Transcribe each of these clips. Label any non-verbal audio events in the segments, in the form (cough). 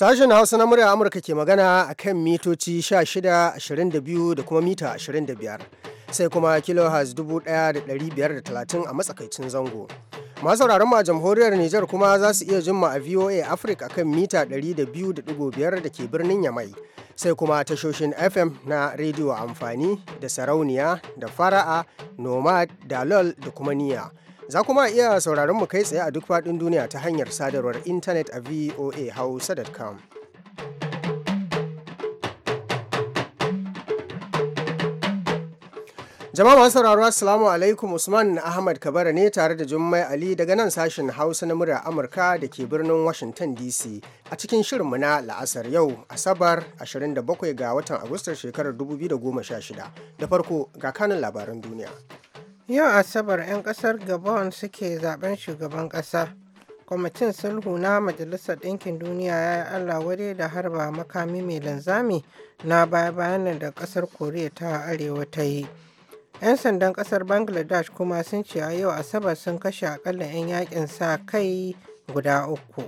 Sashen Hausa na murya Amurka ke magana a kan mitoci 16, 22 da kuma mita 25, sai kuma kilohertz 1530 a matsakaicin zango. Masu a jamhuriyar Nijar kuma za su iya jimma a VOA Africa kan mita 200.5 da ke birnin Yamai, sai kuma tashoshin FM na rediyo amfani da sarauniya da fara'a, nomad, dalol da kuma niya. Za kuma iya sauraron mu kai tsaye a duk faɗin duniya ta hanyar sadarwar intanet a VOA voahausa.com. Jama'a masu sauraro Assalamu alaikum Usman Ahmad Kabara ne tare da Jummai Ali daga nan sashen Hausa na murya Amurka da ke birnin Washington DC a cikin shirinmu na la'asar yau Asabar 27 ga watan Agustar shekarar 2016 da farko ga kanin labaran duniya. Yau Asabar 'yan ƙasar Gabon suke zaben shugaban ƙasa. Kwamitin sulhu na Majalisar Ɗinkin Duniya ya yi Allah wadai da harba makami mai linzami na baya-bayan da ƙasar Koriya ta Arewa ta yi. 'Yan sandan ƙasar Bangladesh kuma sun ce a yau Asabar sun kashe akalla 'yan yakin sa kai guda uku.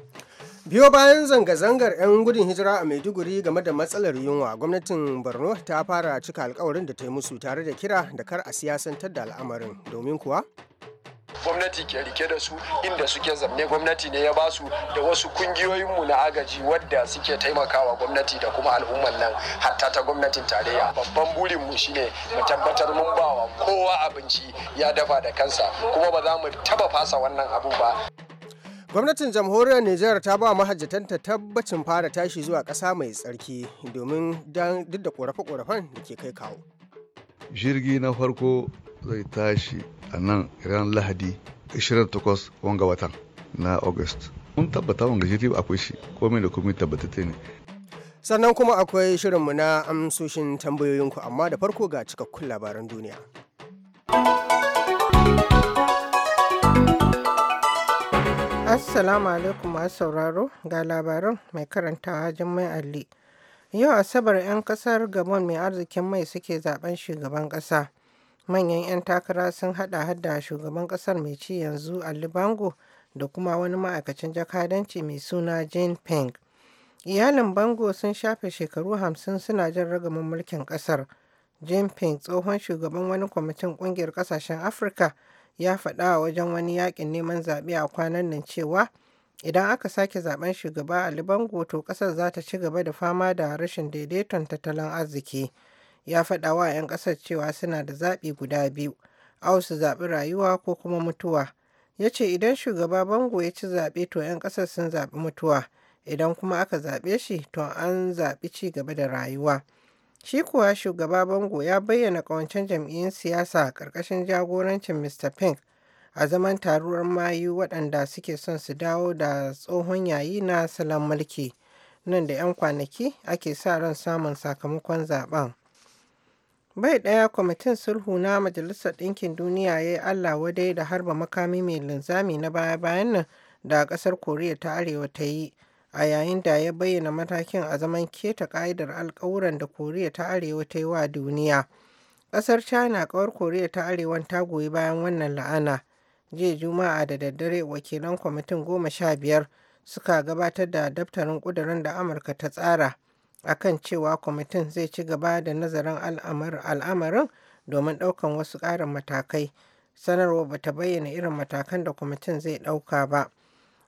biyo bayan zanga-zangar 'yan gudun hijira a maiduguri game da matsalar yunwa gwamnatin borno ta fara cika alkawarin da ta yi musu tare da kira da kar a siyasantar da al'amarin domin kuwa gwamnati ke rike da su inda suke zamne gwamnati ne ya ba su da wasu kungiyoyinmu na agaji wadda suke taimakawa gwamnati da kuma al'ummar nan hatta ta gwamnatin tarayya babban burinmu shine mu tabbatar mun bawa kowa abinci ya dafa da kansa kuma ba za mu taba fasa wannan abu ba gwamnatin jamhuriyar nijar ta ba mahajjatanta tabbacin fara tashi zuwa ƙasa mai tsarki domin duk da ƙorafe-ƙorafen da ke kai kawo jirgi na farko zai tashi a nan ran lahadi 28 wanga watan na august mun tabbata wanga jirgi akwai shi komai da komai tabbatate ne sannan kuma akwai shirinmu na amsoshin tambayoyinku amma da farko ga cikakkun labaran duniya Assalamu alaikum masu sauraro ga labaran mai karantawa Jummai Ali. Yau Asabar 'yan kasar Gabon mai arzikin mai suke zaben shugaban kasa. Manyan 'yan takara sun hada hada shugaban kasar mai ci yanzu Ali Bango da kuma wani ma'aikacin jakadanci mai suna Jane Peng. Iyalin Bango sun shafe shekaru hamsin suna jin ragamin mulkin kasar. Jane Peng tsohon shugaban wani kwamitin kungiyar kasashen Afirka ya faɗa a wajen wani yakin neman zaɓe a kwanan nan cewa idan aka sake zaben shugaba a Bango to ƙasar za ta ci gaba da fama da rashin daidaiton tattalin arziki. Ya faɗa wa 'yan ƙasar cewa suna da zaɓi guda biyu, au su zaɓi rayuwa ko kuma mutuwa. Ya ce idan shugaba Bango ya ci zaɓe to 'yan ƙasar sun zaɓi mutuwa, idan kuma aka zaɓe shi to an zaɓi ci gaba da rayuwa. Shi kuwa Shugaba bango ya bayyana ƙawancen jam'iyyun siyasa a ƙarƙashin jagorancin Mr. Pink a zaman taruwar mayu waɗanda suke son su dawo da tsohon yayi na salon mulki. Nan da 'yan kwanaki ake sa ran samun sakamakon zaben. Bai ɗaya kwamitin sulhu na Majalisar Ɗinkin Duniya ya yi Allah wadai da harba makami mai linzami na baya-bayan nan da ƙasar Koriya ta Arewa ta yi. a yayin da ya bayyana matakin a zaman keta ƙa'idar alkawuran da koriya ta arewa ta yi wa duniya ƙasar china kawar koriya ta Arewa ta goyi bayan wannan la'ana jiya juma'a da daddare wakilan kwamitin goma sha biyar suka gabatar da daftarin ƙudurin da amurka ta tsara A kan cewa kwamitin zai ci gaba da nazarin al'amarin domin ɗaukan wasu ƙarin matakai sanarwa bata bayyana irin matakan da kwamitin zai ɗauka ba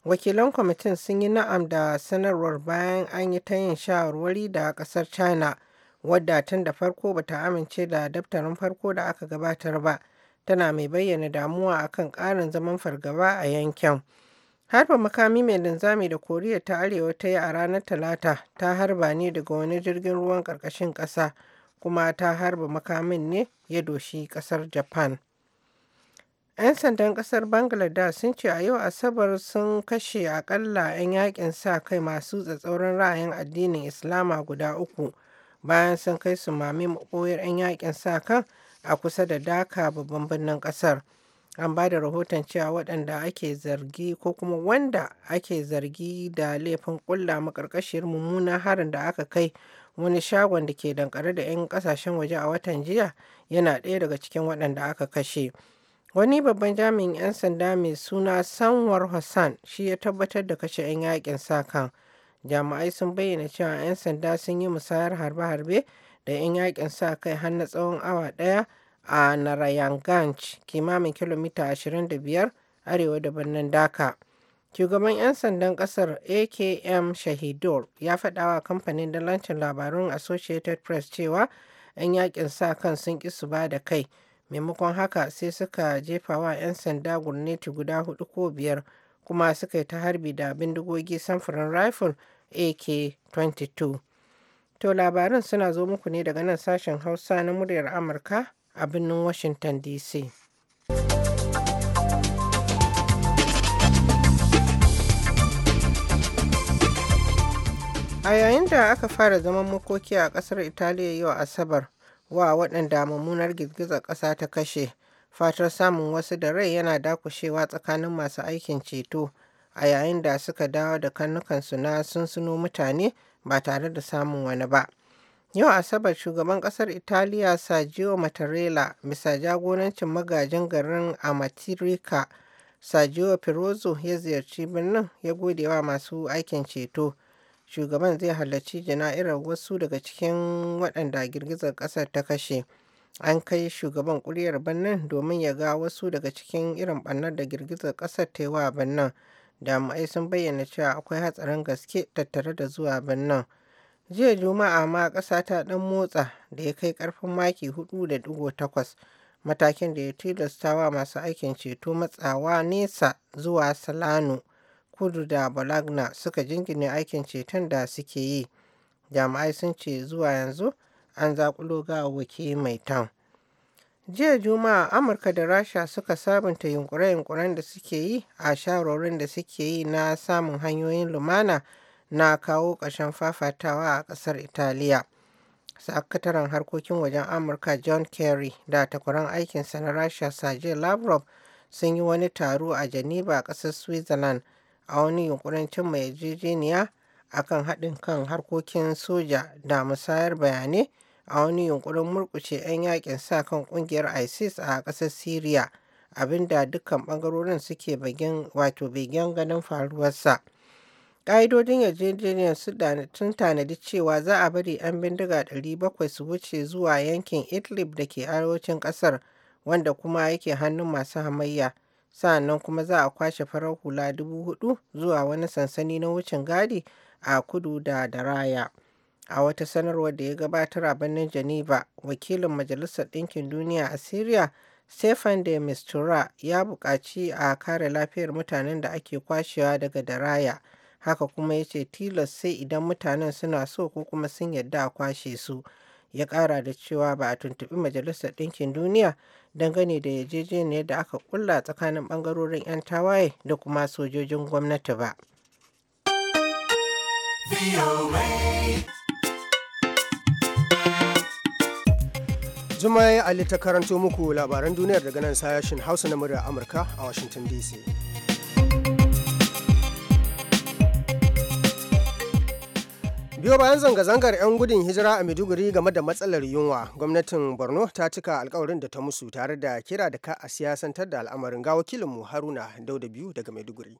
wakilan kwamitin sun yi na'am da sanarwar bayan an yi ta yin shawarwari da kasar china wadda tun da farko bata amince da daftarin farko da aka gabatar ba tana mai bayyana damuwa akan ƙarin zaman fargaba a yankin harba makami mai linzami da koriya ta arewa ta yi a ranar talata ta harba ne daga wani jirgin ruwan karkashin kasa kuma ta harba makamin ne ya doshi kasar japan ‘Yan sandan ƙasar Bangaladesh sun ce a yau Asabar sun kashe akalla ‘yan yakin sa-kai masu tsatsauran ra'ayin addinin Islama guda uku bayan sun kai su mami koyar ‘yan yakin sa-kan a kusa da daka babban birnin ƙasar. An ba da rahoton cewa waɗanda ake zargi ko kuma wanda ake zargi da laifin ƙulla maƙarƙashiyar mummunan harin da aka kai wani shagon da ke dankare da 'yan ƙasashen waje a watan jiya yana ɗaya daga cikin waɗanda aka kashe. Wani babban jami'in 'yan sanda mai suna Sanwar hassan shi ya tabbatar da kashe 'yan yakin sa kan. Jami'ai sun bayyana cewa 'yan sanda sun yi musayar harbe-harbe da 'yan yakin sa kai har na tsawon awa ɗaya a Narayanganj, kimamin kilomita 25 arewa da birnin Dhaka. Shugaban 'yan sandan kasar AKM Shahidur ya faɗawa kamfanin dalancin labarun Associated Press cewa 'yan yakin sa kan sun ƙi su ba da kai. maimakon haka sai suka jefa wa 'yan sanda gurneti guda hudu ko biyar kuma suka yi ta harbi da bindigogi samfurin rifle ak-22 to labarin suna zo muku ne daga nan sashen hausa na muryar amurka a birnin washington dc a yayin da aka fara zaman makoki a kasar italiya yau asabar wa waɗanda mummunar girgizar ƙasa ta kashe fatar samun wasu da rai yana dakushewa tsakanin masu aikin ceto a yayin da suka dawo da karnukansu na sunsuno mutane ba tare da samun wani ba yau asabar shugaban ƙasar italiya Sajio matarela bisa jagorancin magajin garin amatirika sajiyo Pirozzo ya ziyarci birnin ya gode wa masu aikin ceto shugaban zai halarci jana'irar wasu daga cikin waɗanda girgizar ƙasar ta kashe an kai shugaban ƙuryar birnin domin ya ga wasu daga cikin irin ɓannar da girgizar ƙasar ta yi wa birnin jami'ai sun bayyana cewa akwai hatsarin gaske tattare da zuwa birnin jiya juma'a ma ƙasa ta ɗan motsa da ya kai ƙarfin maki da takwas, matakin da ya tilastawa masu aikin ceto matsawa nesa zuwa salano kudu da balagna suka jingine aikin ceton da suke yi jami'ai sun ce zuwa yanzu an zakulo gawawwaki mai tan jiya juma'a amurka da rasha suka sabunta yunkure-yunkuren da suke yi a shawarorin da suke yi na samun hanyoyin lumana na kawo ƙarshen fafatawa a ƙasar italiya sakataren harkokin wajen amurka john kerry da takwaran aikinsa na rasha sergei lavrov sun yi wani taro a geneva ƙasar switzerland a wani yunkurin cimma yarjejeniya kan haɗin kan harkokin soja da musayar bayanai a wani yunkurin murƙushe 'yan yakin sa kan ƙungiyar isis a ƙasar syria abinda dukkan ɓangarorin suke begin wato begin ganin faruwarsa ƙa'idodin yarjejeniyar su tun tanadi cewa za a bari 'yan bindiga 700 su wuce zuwa yankin idlib da ke arewacin ƙasar wanda kuma yake hannun masu hamayya nan kuma za a kwashe farar hula dubu hudu zuwa wani sansani na wucin gadi a kudu da daraya a wata sanarwar da ya gabatar a birnin geneva wakilin majalisar ɗinkin duniya a syria stefan de mistura ya buƙaci a kare lafiyar mutanen da ake kwashewa daga daraya haka kuma ya ce tilas sai idan mutanen suna so ko kuma sun yarda a kwashe su ya ƙara da cewa ba a tuntuɓi majalisar ɗinkin duniya dangane da yarjejeniyar da aka kulla tsakanin bangarorin 'yan tawaye da kuma sojojin gwamnati ba. yi Ali ta karanto muku labaran duniyar daga nan sashen Hausa na murya Amurka a Washington DC. biyo bayan zanga-zangar 'yan gudun hijira a maiduguri game da matsalar yunwa gwamnatin borno ta cika alkawarin da ta musu tare da kira da ka a siyasantar da al'amarin ga wakilinmu haruna dauda biyu daga maiduguri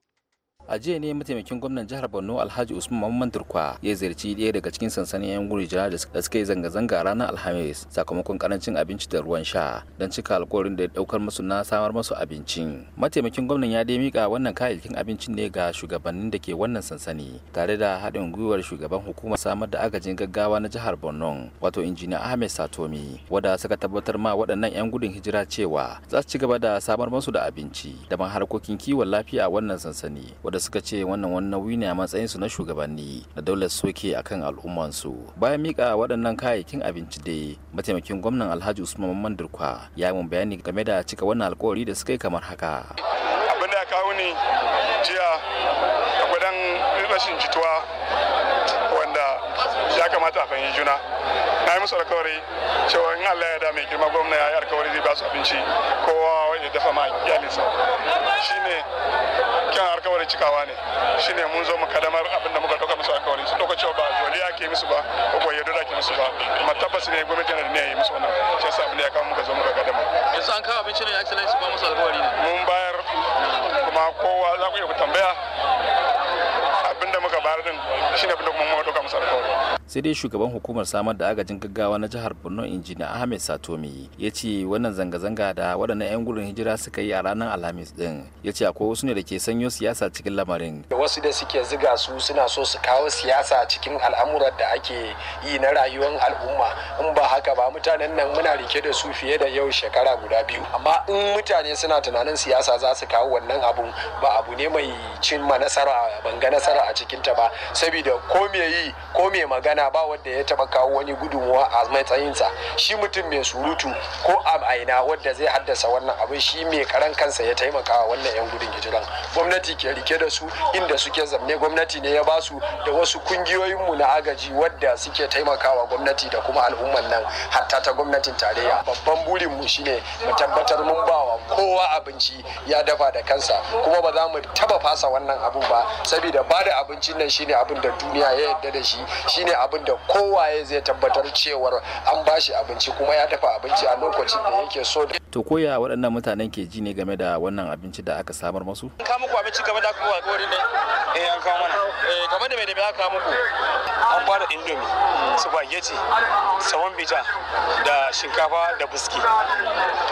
a jiya ne mataimakin gwamnan jihar borno alhaji usman mamman turkwa ya ziyarci ɗaya daga cikin sansanin yan gudun jihar da suka yi zanga-zanga ranar alhamis sakamakon karancin abinci da ruwan sha don cika alkawarin da ya daukar musu na samar musu abincin mataimakin gwamnan ya dai mika wannan kayayyakin abincin ne ga shugabannin da ke wannan sansani tare da haɗin gwiwar shugaban hukumar samar da agajin gaggawa na jihar borno wato injiniya ahmed satomi wadda suka tabbatar ma waɗannan yan gudun hijira cewa za su ci gaba da samar musu da abinci da harkokin kiwon lafiya a wannan sansani da suka ce wannan wani nauyi ne a matsayinsu na shugabanni da daular soke kan al'ummansu bayan mika waɗannan kayayyakin abinci dai mataimakin gwamnan alhaji usman mamman ya yi mun bayani game da cika wannan alkawari da suka yi kamar haka abin da ya kawo ni jiya da gudan rashin jituwa kamata a fahimci juna na yi musu alkawari cewa in Allah ya da mai girma gwamna ya yi alkawari zai ba su abinci kowa ya dafa ma iyalinsa ne kyan alkawarin cikawa ne shine mun zo mu kadamar abin da muka dauka musu alkawari su dauka cewa ba zoli ya ke musu ba ko ko yadda ke musu ba kuma tabbas ne gwamnati ne ya yi musu wannan shi yasa abin da ya kawo muka zo muka kadamar yanzu an kawo abinci ne ya su ba musu alkawari ne mun bayar kuma kowa za ku iya ku tambaya abinda muka bayar din shine abinda kuma muka dauka musu alkawari sai dai shugaban hukumar samar da agajin gaggawa na jihar borno injiniya ahmed satomi ya ce wannan zanga-zanga da waɗannan 'yan gudun hijira suka yi a ranar alhamis din ya ce akwai wasu ne da ke sanyo siyasa cikin lamarin wasu da suke ziga su suna so su kawo siyasa cikin al'amuran da ake yi na rayuwar al'umma in ba haka ba mutanen nan muna rike da su fiye da yau shekara guda biyu amma in mutane suna tunanin siyasa za su kawo wannan abu ba abu ne mai cin ma nasara ban ga nasara a cikinta ba saboda ko me yi ko me magana magana ba wanda ya taba kawo wani gudunmuwa a matsayinsa shi mutum mai surutu ko a aina wanda zai haddasa wannan abin shi mai karan kansa ya taimaka wannan yan gudun hijiran gwamnati ke rike da su inda suke zamne gwamnati ne ya ba su da wasu kungiyoyin mu na agaji wadda suke taimakawa gwamnati da kuma al'umman nan hatta ta gwamnatin tarayya babban burinmu shine mu tabbatar mun bawa kowa abinci ya dafa da kansa kuma ba za mu taba fasa wannan abun ba saboda ba da abincin nan shine abin da duniya ya yarda da shi shine abin da kowaye zai tabbatar cewar an bashi abinci kuma ya tafi abinci a lokacin da yake so da to koya waɗannan mutanen ke ji ne game da wannan abinci da aka samar masu kawo muku abinci game da aka alƙawarin da eh an kawo mana eh game da me da me aka muku an bada indomi spaghetti saman bita da shinkafa da biski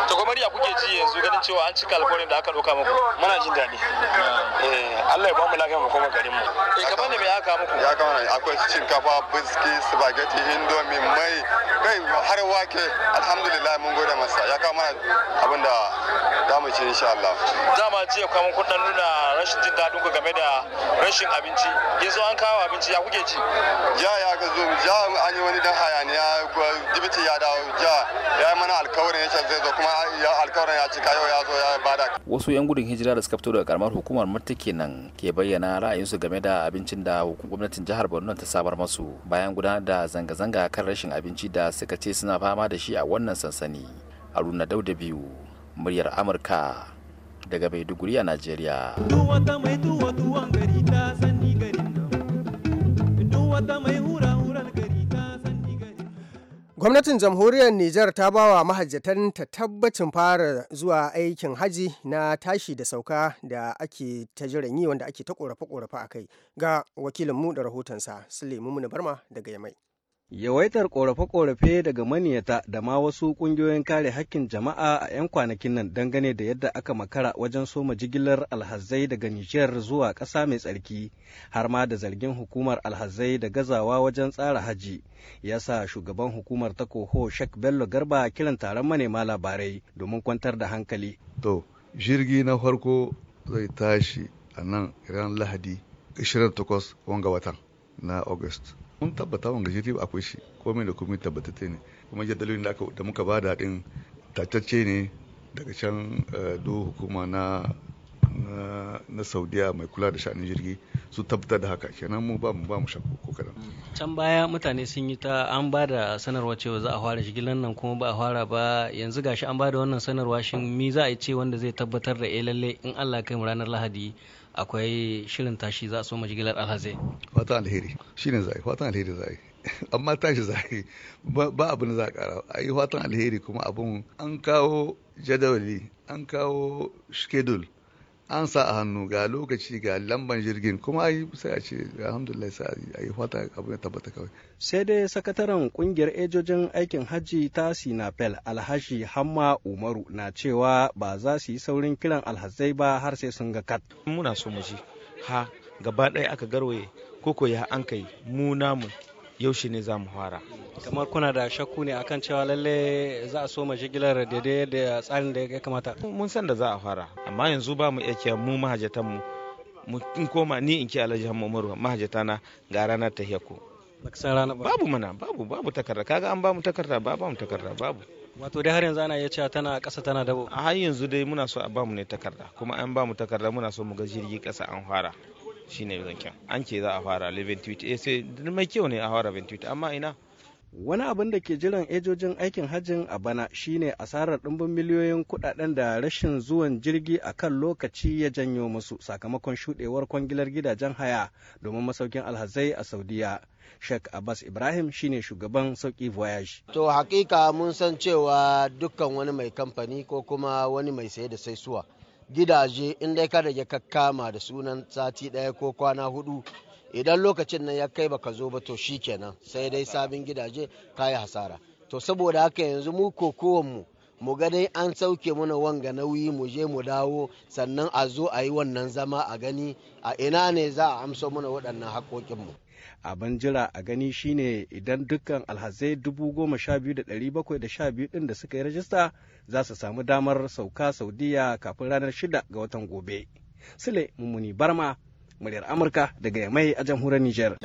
to kamar ya kuke ji yanzu ganin cewa an cika alƙawarin da aka ɗauka muku muna jin daɗi eh, eh Allah ya ba mu lafiya mu koma garin mu eh game da me aka muku ya kawo akwai shinkafa biski spaghetti indomi mai kai har wake alhamdulillah mun gode masa ya kama abin da za mu ci insha Allah. Dama jiya kwamin kun nuna rashin jin daɗin ku game da rashin abinci yanzu an kawo abinci ya kuke ci ja ya ga zo ja an yi wani dan hayaniya jibiti ya dawo ja ya yi mana alkawarin ya zai zo kuma alkawarin ya cika yau ya zo ya bada wasu yan gudun hijira da suka fito daga karamar hukumar murta kenan ke bayyana ra'ayinsu game da abincin da gwamnatin jihar Borno ta samar masu bayan gudanar da zanga-zanga kan rashin abinci da suka ce suna fama da shi a wannan sansani haruna dauda biyu muryar amurka daga Maiduguri a Najeriya. Duk wata mai Gwamnatin jamhuriyar Nijar ta ba wa mahajjatan ta tabbacin fara zuwa aikin haji na tashi da sauka da ake ta jiran yi wanda ake ta korafe-korafe a kai ga wakilinmu da rahotonsa Suleiman Barma daga Yamai. Yawaitar ƙorafe-ƙorafe daga maniyata da ma wasu ƙungiyoyin kare hakkin jama'a a 'yan kwanakin nan dangane da yadda aka makara wajen soma jigilar alhazai daga Nijar zuwa ƙasa mai tsarki har ma da zargin hukumar alhazai da gazawa wajen tsara haji ya sa shugaban hukumar ta koho Sheikh Bello Garba kiran taron manema labarai domin kwantar da hankali. To, jirgi na farko zai tashi a nan ran Lahadi 28 wanga watan na August. mun tabbata wanga jirgi akwai shi komai da komai tabbatacce ne kuma jadalolin da aka da muka ba daɗin tatacce ne daga can eh, do hukuma na na saudiya mai kula da sha'anin jirgi su tabbatar da haka kenan mu ba mu ba mu shakku ko kadan can baya mutane sun yi ta an ba da sanarwa cewa za a fara jigilan nan kuma ba a fara ba yanzu gashi an ba da wannan sanarwa shin mi za a yi ce wanda zai tabbatar da eh lalle in Allah kai mu ranar Lahadi akwai shirin tashi za a so majigilar alhazai fatan alheri shine zai fatan alheri zai (laughs) amma tashi zai ba abin za a kara a yi fatan alheri kuma abin an kawo jadawali an kawo schedule an sa a hannu ga lokaci ga lamban jirgin kuma a yi sai a ce alhamdulillah sai a yi fata abu ya tabbata kawai sai dai sakataren kungiyar ejojin aikin hajji ta sinapel alhaji hamma umaru na cewa ba za su yi saurin kiran alhazai ba har sai sun ga kat muna so mu ji ha gaba ɗaya aka garwaye koko ya an kai mu namu yaushe ne za mu fara kamar kuna da shakku ne akan cewa lalle za a so ma jigilar daidai da tsarin da ya kamata mun san da za a fara amma yanzu ba mu iya mu mahajatan mu in koma ni in ki alhaji umaru mahajata na ga ranar ta hiyako babu mana babu babu takarda kaga an bamu takarda ba bamu takarda babu wato dai har yanzu ana iya cewa tana ƙasa tana dabo a har yanzu dai muna so a bamu ne takarda kuma an bamu takarda muna so mu ga jirgi ƙasa an fara shine an ke za a fara eh sai mai kyau ne a fara amma ina wani abin da ke jiran ejojin aikin hajjin a bana shine asarar ɗumbin miliyoyin kuɗaɗen da rashin zuwan jirgi a kan lokaci ya janyo musu sakamakon shuɗewar kwangilar gidajen haya domin masaukin alhazai a saudiya Sheikh Abbas Ibrahim shine shugaban sauki voyage. To hakika mun san cewa dukkan wani mai kamfani ko kuma wani mai saye da saisuwa gidaje in dai ka rage ka kama da sunan sati ɗaya ko kwana hudu idan lokacin nan ya kai baka zo ba to shi shikenan sai dai sabin gidaje ka yi hasara to saboda haka yanzu mu kokowanmu mu ga dai an sauke mana wanga nauyi mu je mu dawo sannan a zo a yi wannan zama a gani a ina ne za a amsa mana waɗannan haƙoƙinmu abin jira a gani shine idan dukkan alhazai dubu goma sha da da ɗari bakwai biyu ɗin da suka yi rajista za su samu damar sauka saudiya kafin ranar shida ga watan gobe sule mummuni barma muryar amurka daga yamai a jamhuriyar niger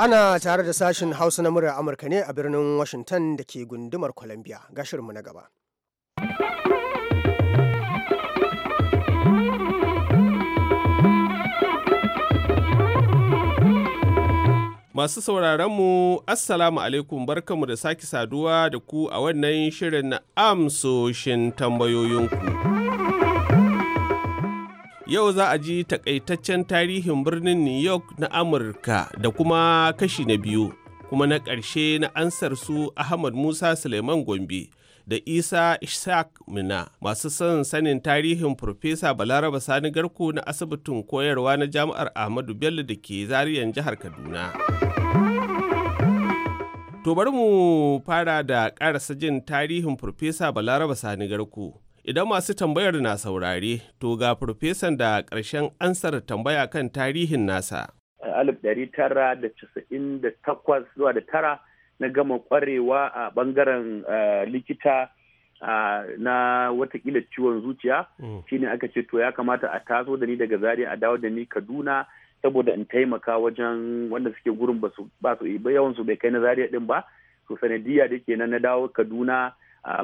Ana tare da sashen Hausa na murar Amurka ne a birnin Washington da ke gundumar Columbia. Ga shirinmu na gaba. Masu mu Assalamu alaikum barkanmu da sake saduwa da ku a wannan shirin amsoshin tambayoyinku. Yau za a ji takaitaccen tarihin birnin New York na Amurka da kuma kashi na biyu, kuma na ƙarshe na ansar su Ahmad Musa Suleiman Gombe da Isa Ishaq Mina masu son sanin tarihin Profesa Balaraba Sani Garko na asibitin koyarwa na Jami'ar Ahmadu Bello da ke zariyan jihar Kaduna. To bari mu fara da ƙarasa jin tarihin Profesa Balaraba Sani Garko. Idan masu tambayar na saurare, to ga farfesan da karshen ansar tambaya kan tarihin nasa. Alif ɗari tara da casa'in da takwas zuwa da tara na gama kwarewa a ɓangaren eh, likita na watakila ciwon zuciya mm. shine aka ce to ya kamata a taso da ni daga zaria a dawo da ni kaduna saboda in taimaka wajen wanda suke gurin ba su yawan su bai kai na zariya din ba to sanadiyya da ke na dawo kaduna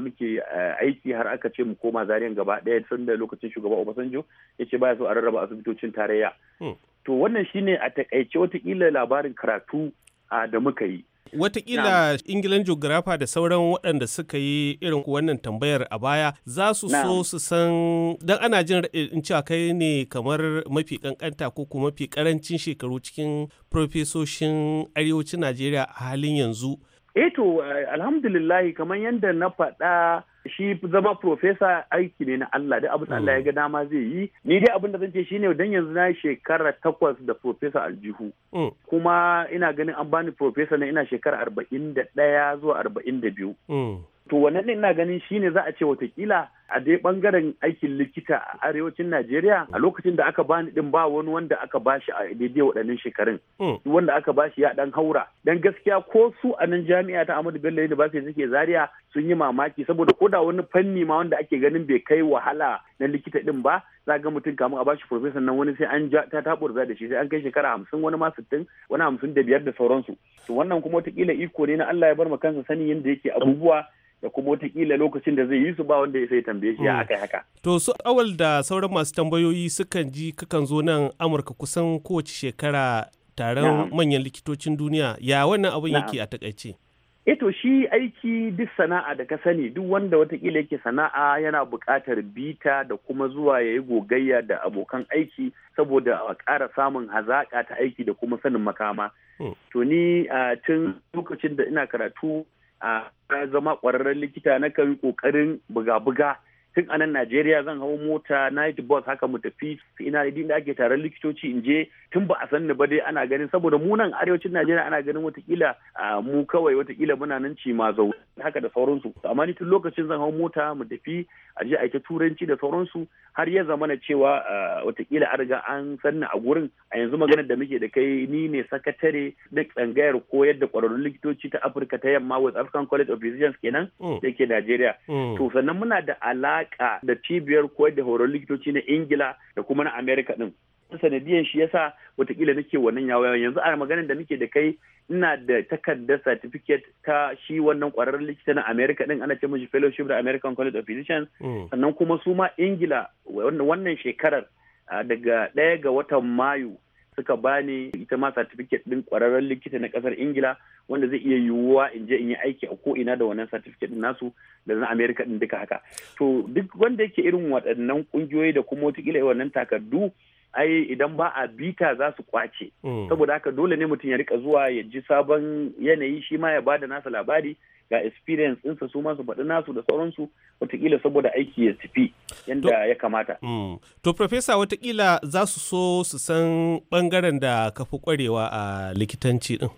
muke aiki har aka ce mu koma zariyan gaba ɗaya tun da lokacin shugaba Obasanjo ya ce baya so a rarraba asibitocin tarayya. Hmm. To wannan shine a takaice watakila labarin karatu da muka yi. Watakila Ingilan Geographer da sauran waɗanda suka yi irin wannan tambayar a baya za su so su san don ana jin in cewa kai ne kamar mafi kankanta ko kuma mafi karancin shekaru cikin profesoshin arewacin Najeriya a halin yanzu. eto eh to alhamdulillahi kamar yadda na faɗa shi zama profesa aiki ne na Allah da abin Allah ya ga dama zai yi ni dai abin da zan ce shi ne dan yanzu na shekara takwas da profesa aljihu mm. kuma ina ganin an bani profesa na ina shekara arba'in da ɗaya zuwa arba'in da biyu mm. to wannan ina ganin shine za a ce watakila a dai bangaren aikin likita a arewacin Najeriya a lokacin da aka bani din ba wani wanda aka bashi a daidai waɗannan shekarun hmm. wanda aka bashi ya dan haura dan gaskiya ko su a nan jami'a ta Ahmadu Bello University suke Zaria sun yi mamaki saboda ko da wani fanni ma wanda ake ganin bai kai wahala na likita din ba za ga mutum kamun a bashi professor nan wani sai an ja ta taburza da shi sai an kai shekara hamsin wani ma sittin wani hamsin da biyar da sauransu to wannan kuma watakila iko ne na Allah ya bar ma kansa sani yadda yake abubuwa da kuma watakila lokacin da zai yi su ba wanda ya sai tambaye shi ya hmm. kai haka. To su awal da sauran masu tambayoyi sukan ji kakan zo nan Amurka kusan kowace shekara taron manyan likitocin duniya ya wannan abin yake a takaice. Eto eh shi aiki duk sana'a da ka sani duk wanda watakila yake sana'a yana buƙatar bita da kuma zuwa ya yi gogayya da abokan aiki saboda a ƙara samun hazaƙa ta aiki da kuma sanin makama. Hmm. To ni tun lokacin da ina karatu a zama ƙwararren likita na kan ƙoƙarin buga-buga tun anan Najeriya zan hau mota night bus haka mu tafi ina da inda ake taron likitoci in je tun ba a san ni ba dai ana ganin saboda mu nan arewacin Najeriya ana ganin watakila mu kawai watakila muna nan ci ma haka da sauransu amma ni tun lokacin zan hau mota mu tafi a je a yi ta turanci da sauransu har ya zamana cewa eh, watakila an riga an sanna a gurin a yanzu maganar da muke da kai ni ne sakatare na tsangayar koyar da kwararrun likitoci ta afirka ta yamma west african college of physicians kenan mm. da ke nigeria. Mm. to sannan muna da alaka da cibiyar koyar da horon likitoci na ingila da kuma na america din sanadiyan shi yasa watakila nake wannan yawon yanzu a maganin da nake da kai ina da takardar certificate ta shi wannan kwararren likita na America din ana ce mashi fellowship da American College of Physicians mm. sannan kuma su ma Ingila wannan shekarar daga daya ga watan Mayu suka bani ita ma certificate din kwararren likita na kasar Ingila wanda zai iya yiwuwa in je in yi aiki a ko ina da wannan certificate din nasu da na America din duka haka to duk wanda yake irin waɗannan kungiyoyi da kuma wata wannan takardu ai idan ba a bita za su kwace hmm. saboda haka dole ne mutum ya rika zuwa ya ji sabon yanayi shi ma ya bada nasa labari ga experience ɗinsa su masu faɗi nasu da sauransu watakila saboda aiki ya tafi yadda ya kamata. Hmm. To, Profesa, watakila za su so su san ɓangaren da ka fi ƙwarewa a likitanci ɗin.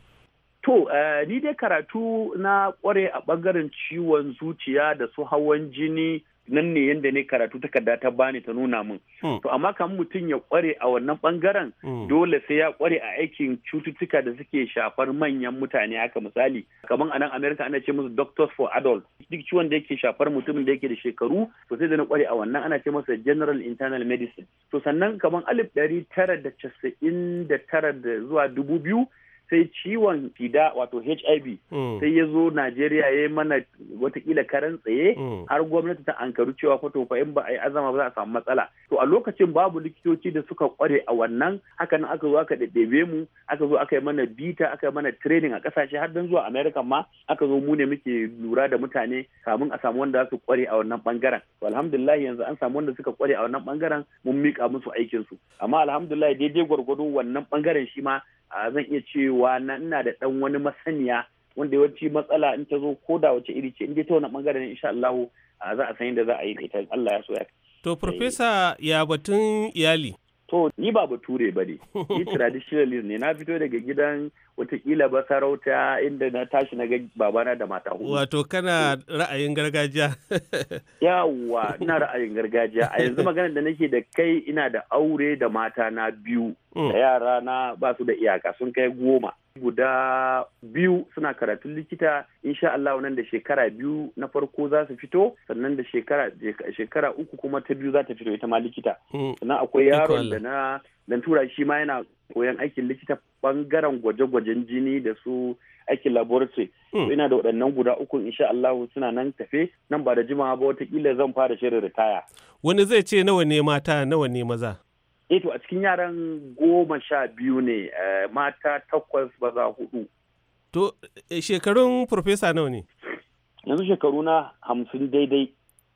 To, eh, ni dai karatu na ƙware a ɓangaren ciwon zuciya da su hawan jini nan ne yadda ne karatu takarda ta bani ta nuna min hmm. to amma kamar mutum ya kware a wannan bangaren hmm. dole sai ya kware a aikin cututtuka da suke shafar manyan mutane haka misali kamar anan amerika ana ce musu doctors for adults duk ciwon da yake shafar mutumin da yake da shekaru to sai da na kware a wannan ana ce masa general internal medicine to sannan kamar alif ɗari tara da casa'in da tara da zuwa dubu biyu sai ciwon sida wato hiv mm. sai ya zo najeriya ya yi mana watakila karan tsaye mm. har gwamnati ta ankaru cewa fato fa in ba a yi azama ba za a samu matsala to a lokacin babu likitoci da suka kware a wannan nan aka zo aka ɗaɗɗebe mu aka zo aka yi mana bita aka yi mana training a ƙasashe. har dan zuwa america ma aka zo mu ne muke lura da mutane kamun a samu wanda za su kware a wannan bangaren alhamdulillah yanzu an samu wanda suka kware a wannan bangaren mun mika musu aikinsu. amma alhamdulillah daidai gwargwado wannan bangaren shi ma a zan iya cewa na ina da dan wani masaniya wanda yawanci matsala in ta zo ko da wace iri ce in dai ta wani bangaren insha Allah za a san yadda za a yi da ita Allah ya so ya to professor ya batun iyali to ni ba bature ba ne ni (laughs) traditionalist ne na fito daga gidan watakila ba sarauta inda na tashi na ga babana da mata hudu. Wato kana ra'ayin gargajiya. (laughs) Yawwa ina ra'ayin gargajiya a yanzu maganar da nake da kai ina da aure da mata na biyu da mm. yara na ba su da iyaka sun kai goma. Guda biyu suna karatun likita insha Allah nan da shekara biyu na farko za su fito sannan da shekara uku kuma ta biyu za ta fito ita ma likita. Mm. Sannan akwai yaron da na tura shi ma yana koyan aikin likita bangaren gwaje-gwajen jini da su aikin laboratory hmm. ina da waɗannan guda uku insha Allah suna nan tafe nan ba da jimawa ba watakila zan fara shirin ritaya wani zai ce nawa ne mata nawa ne maza eh to a cikin yaran goma sha biyu ne eh, mata takwas za hudu to eh, shekarun professor nawa ne yanzu shekaru na hamsin daidai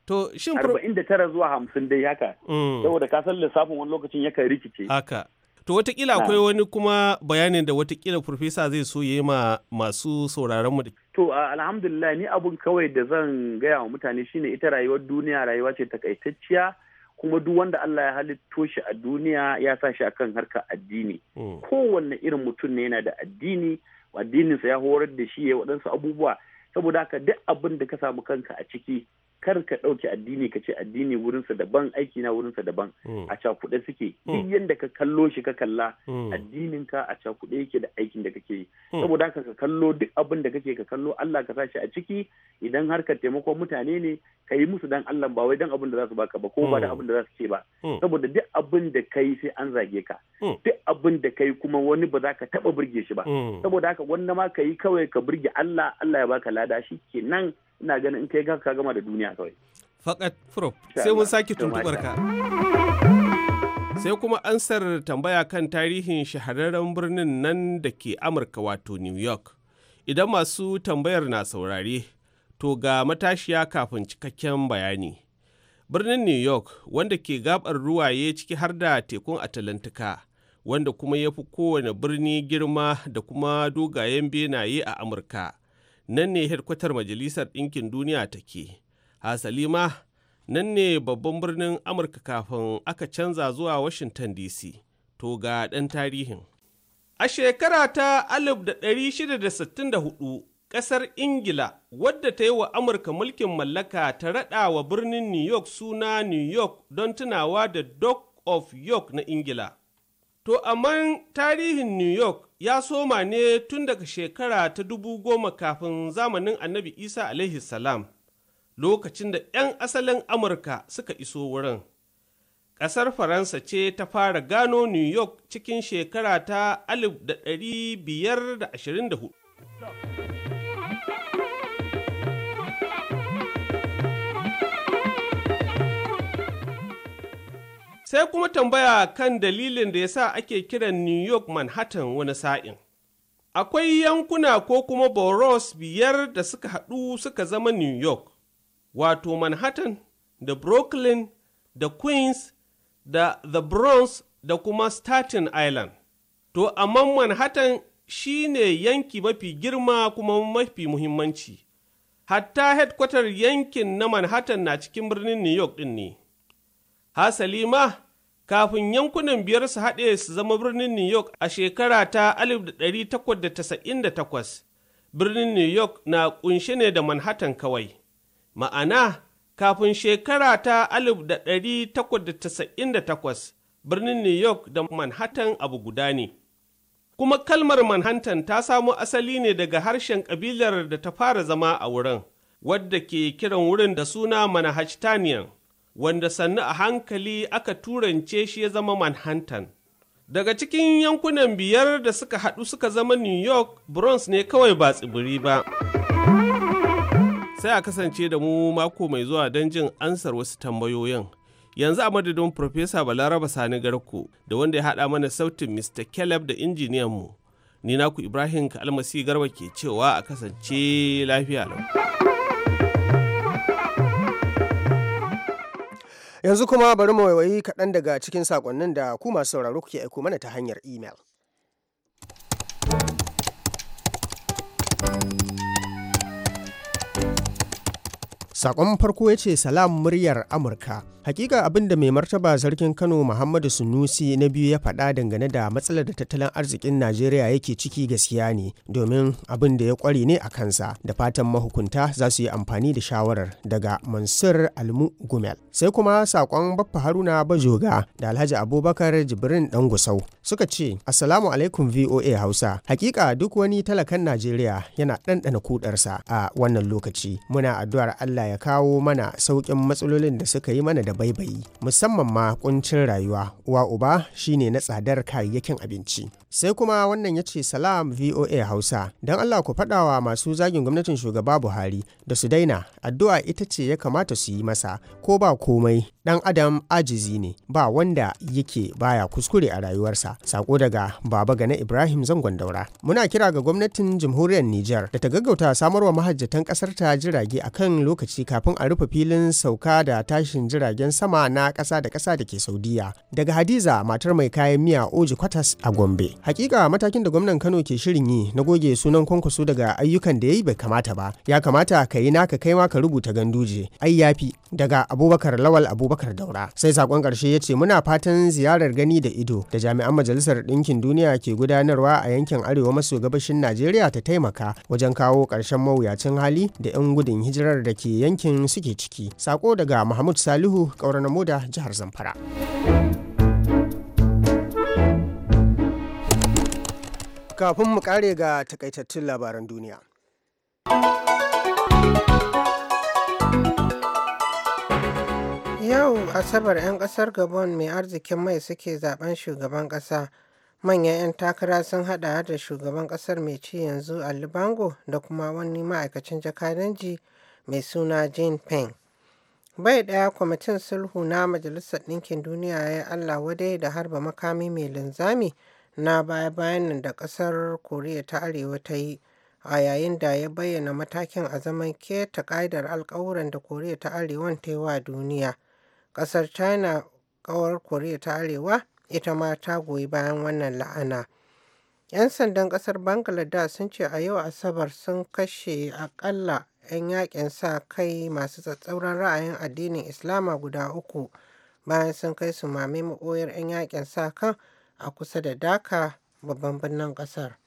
To shin arba'in da tara zuwa hamsin dai haka. Hmm. Saboda ka san lissafin wani lokacin yakan rikice. Haka. To watakila akwai wani kuma bayanin da watakila Profesa zai so ya yi ma masu sauraronmu da. To alhamdulillah ni abun kawai da zan gaya wa mutane shine ita rayuwar duniya rayuwa ce takaitacciya kuma duk wanda Allah ya halitto shi a duniya ya sa shi akan harka addini. Hmm. Kowanne irin mutum ne yana da addini, addininsa ya horar da shi ya waɗansu abubuwa. Saboda haka duk abin da ka samu kanka a ciki kar ka ɗauke addini ka ce addini wurinsa daban aiki na wurinsa daban hmm. a cakuɗe suke duk hmm. yadda ka kallo shi ka kalla hmm. addinin ka a cakuɗe yake da aikin da kake yi saboda haka ka kallo duk abin da kake ka kallo Allah ka sa shi a ciki idan har ka taimako mutane ne ka yi musu dan Allah ba wai dan abin da za su baka ba ko ba dan abin da za su ce ba saboda duk abin da kai sai an zage ka duk abin da kai kuma wani ba za ka taɓa burge shi ba saboda haka wanda ma ka yi kawai ka burge Allah Allah ya baka lada shi kenan ina ganin in kai ka gama da duniya kawai fakat prof sai mun sake tuntubar ka sai kuma ansar tambaya kan tarihin shahararren birnin nan da ke amurka wato new york idan masu tambayar na saurare to ga matashiya kafin cikakken bayani birnin new york wanda ke gabar ruwaye ciki har da tekun atlantika wanda kuma ya fi kowane birni girma da kuma dogayen benaye a amurka nan ne hedkwatar majalisar ɗinkin duniya take hasali ma nan ne babban birnin amurka kafin aka canza zuwa washington dc to ga ɗan tarihin a shekara ta 1664 ƙasar ingila wadda ta yi wa amurka mulkin mallaka ta raɗa wa birnin new york suna new york don tunawa da dock of york na ingila to amman tarihin new york ya soma ne tun daga shekara ta dubu goma kafin zamanin annabi isa alaihi salam lokacin da 'yan asalin amurka suka iso wurin ƙasar faransa ce ta fara gano new york cikin shekara ta 1524 Sai kuma tambaya kan dalilin da ya sa ake kiran New York Manhattan wani sa'in. Akwai yankuna ko kuma boros biyar da suka haɗu suka zama New York, wato Manhattan da Brooklyn da Queens da The Bronx da kuma Staten Island. To, amma Manhattan shi ne yanki mafi girma kuma mafi muhimmanci. Hatta headquarter yankin na Manhattan na cikin birnin New York ɗin ne. hasali ma kafin yankunan biyar su haɗe su zama birnin New York a shekara ta 1898 birnin New York na ƙunshe ne da Manhattan kawai. Ma'ana, kafin shekara ta 1898 birnin New York da Manhattan abu guda ne. Kuma kalmar Manhattan ta samo asali ne daga harshen ƙabilar da ta fara zama a wurin, wadda ke kiran wurin da suna Manhattan. wanda sannu a hankali aka turance shi ya zama Manhattan. Daga cikin yankunan biyar da suka haɗu suka zama New York, Bronx ne kawai ba tsibiri ba. Sai a kasance da mu mako mai zuwa don jin ansar wasu tambayoyin. Yanzu a madadin Profesa Balaraba Sani Garko da wanda ya haɗa mana sautin Mr. Caleb da injiniyanmu. Ni naku Ibrahim Kalmasi Garba ke cewa a kasance lafiya lau. Yanzu kuma bari mu waiwayi kaɗan daga cikin saƙonnin da ku masu sauraro kuke aiko mana ta hanyar imel. Sakon farko ya ce salam muryar Amurka. Hakika abin da mai martaba sarkin Kano Muhammadu Sunusi na biyu ya faɗa dangane da matsalar da tattalin arzikin Najeriya yake ciki gaskiya ne domin abin da ya ƙware ne a kansa da fatan mahukunta za su yi amfani da shawarar daga Mansur Almu Gumel. Sai kuma sakon Baffa Haruna Bajoga da Alhaji Abubakar Jibrin Dangusau suka ce Assalamu alaikum VOA Hausa. Hakika duk wani talakan Najeriya yana ɗanɗana kudarsa a wannan lokaci. Muna addu'ar Allah ya ya kawo mana sauƙin matsalolin da suka yi mana da baibayi musamman ma kuncin rayuwa uwa uba shine na tsadar kayayyakin abinci sai kuma wannan ya ce salam voa hausa don allah ku faɗawa masu zagin gwamnatin shugaba buhari da su daina addu'a ita ce ya kamata su yi masa ko ba komai dan adam ajizi ne ba wanda yake baya kuskure a rayuwarsa sako daga baba gana ibrahim zangon daura muna kira ga gwamnatin jamhuriyar niger da ta gaggauta samarwa mahajjatan ƙasar ta jirage akan lokaci lokaci kafin a rufe filin sauka da tashin jiragen sama na ƙasa da ƙasa da ke Saudiya. Daga Hadiza matar mai kayan miya Oji Kwatas a Gombe. Hakika matakin da gwamnan Kano ke shirin yi na goge sunan kwankwaso daga ayyukan da ya yi bai kamata ba. Ya kamata ka yi naka kai ma ka rubuta ganduje. Ai yafi. daga abubakar lawal abubakar daura sai sakon karshe ya ce muna fatan ziyarar gani da ido da jami'an majalisar ɗinkin duniya ke gudanarwa a yankin arewa maso gabashin najeriya ta taimaka wajen kawo ƙarshen mawuyacin hali da 'yan gudun hijirar da ke yankin suke ciki sako daga mahmud salihu na moda jihar zamfara. kafin mu kare ga takaitattun labaran duniya. Yau Asabar 'yan kasar Gabon mai arzikin mai suke zaben shugaban kasa. Manyan 'yan takara sun hada da shugaban kasar mai ci yanzu Ali Bango da kuma wani ma'aikacin jakadanji mai suna Jean Peng. Bai daya kwamitin sulhu na Majalisar Ɗinkin Duniya ya Allah wadai da harba makami mai linzami na baya-bayan da kasar Koriya ta Arewa ta yi. a yayin da ya bayyana matakin a zaman keta ƙa'idar alkawuran da koriya ta Arewa ta yi wa duniya Ƙasar China ƙawar korea ta Arewa ita ma ta goyi bayan wannan la'ana. 'Yan sandan ƙasar Bangladesh sun ce a yau Asabar sun kashe aƙalla 'yan yakin sa kai masu tsatsauran ra'ayin addinin Islama guda uku bayan sun kai su mame maɓoyar 'yan yakin sa kan a kusa da daka babban birnin ƙasar.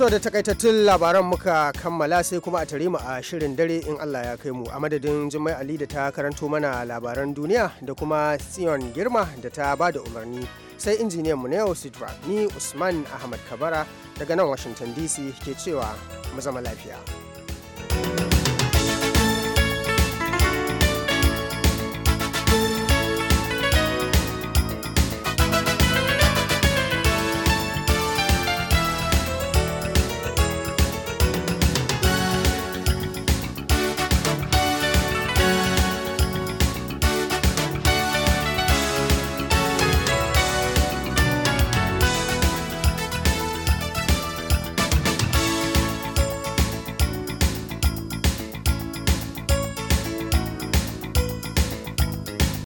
To da takaitattun labaran muka kammala sai kuma a tare mu a shirin dare in Allah ya kai mu a madadin Jummai Ali da ta karanto mana labaran duniya da kuma Sion Girma da ta ba da umarni sai injiniyan mu na Sidra ni Usman Ahmad Kabara daga nan Washington DC ke cewa mu zama lafiya. thank you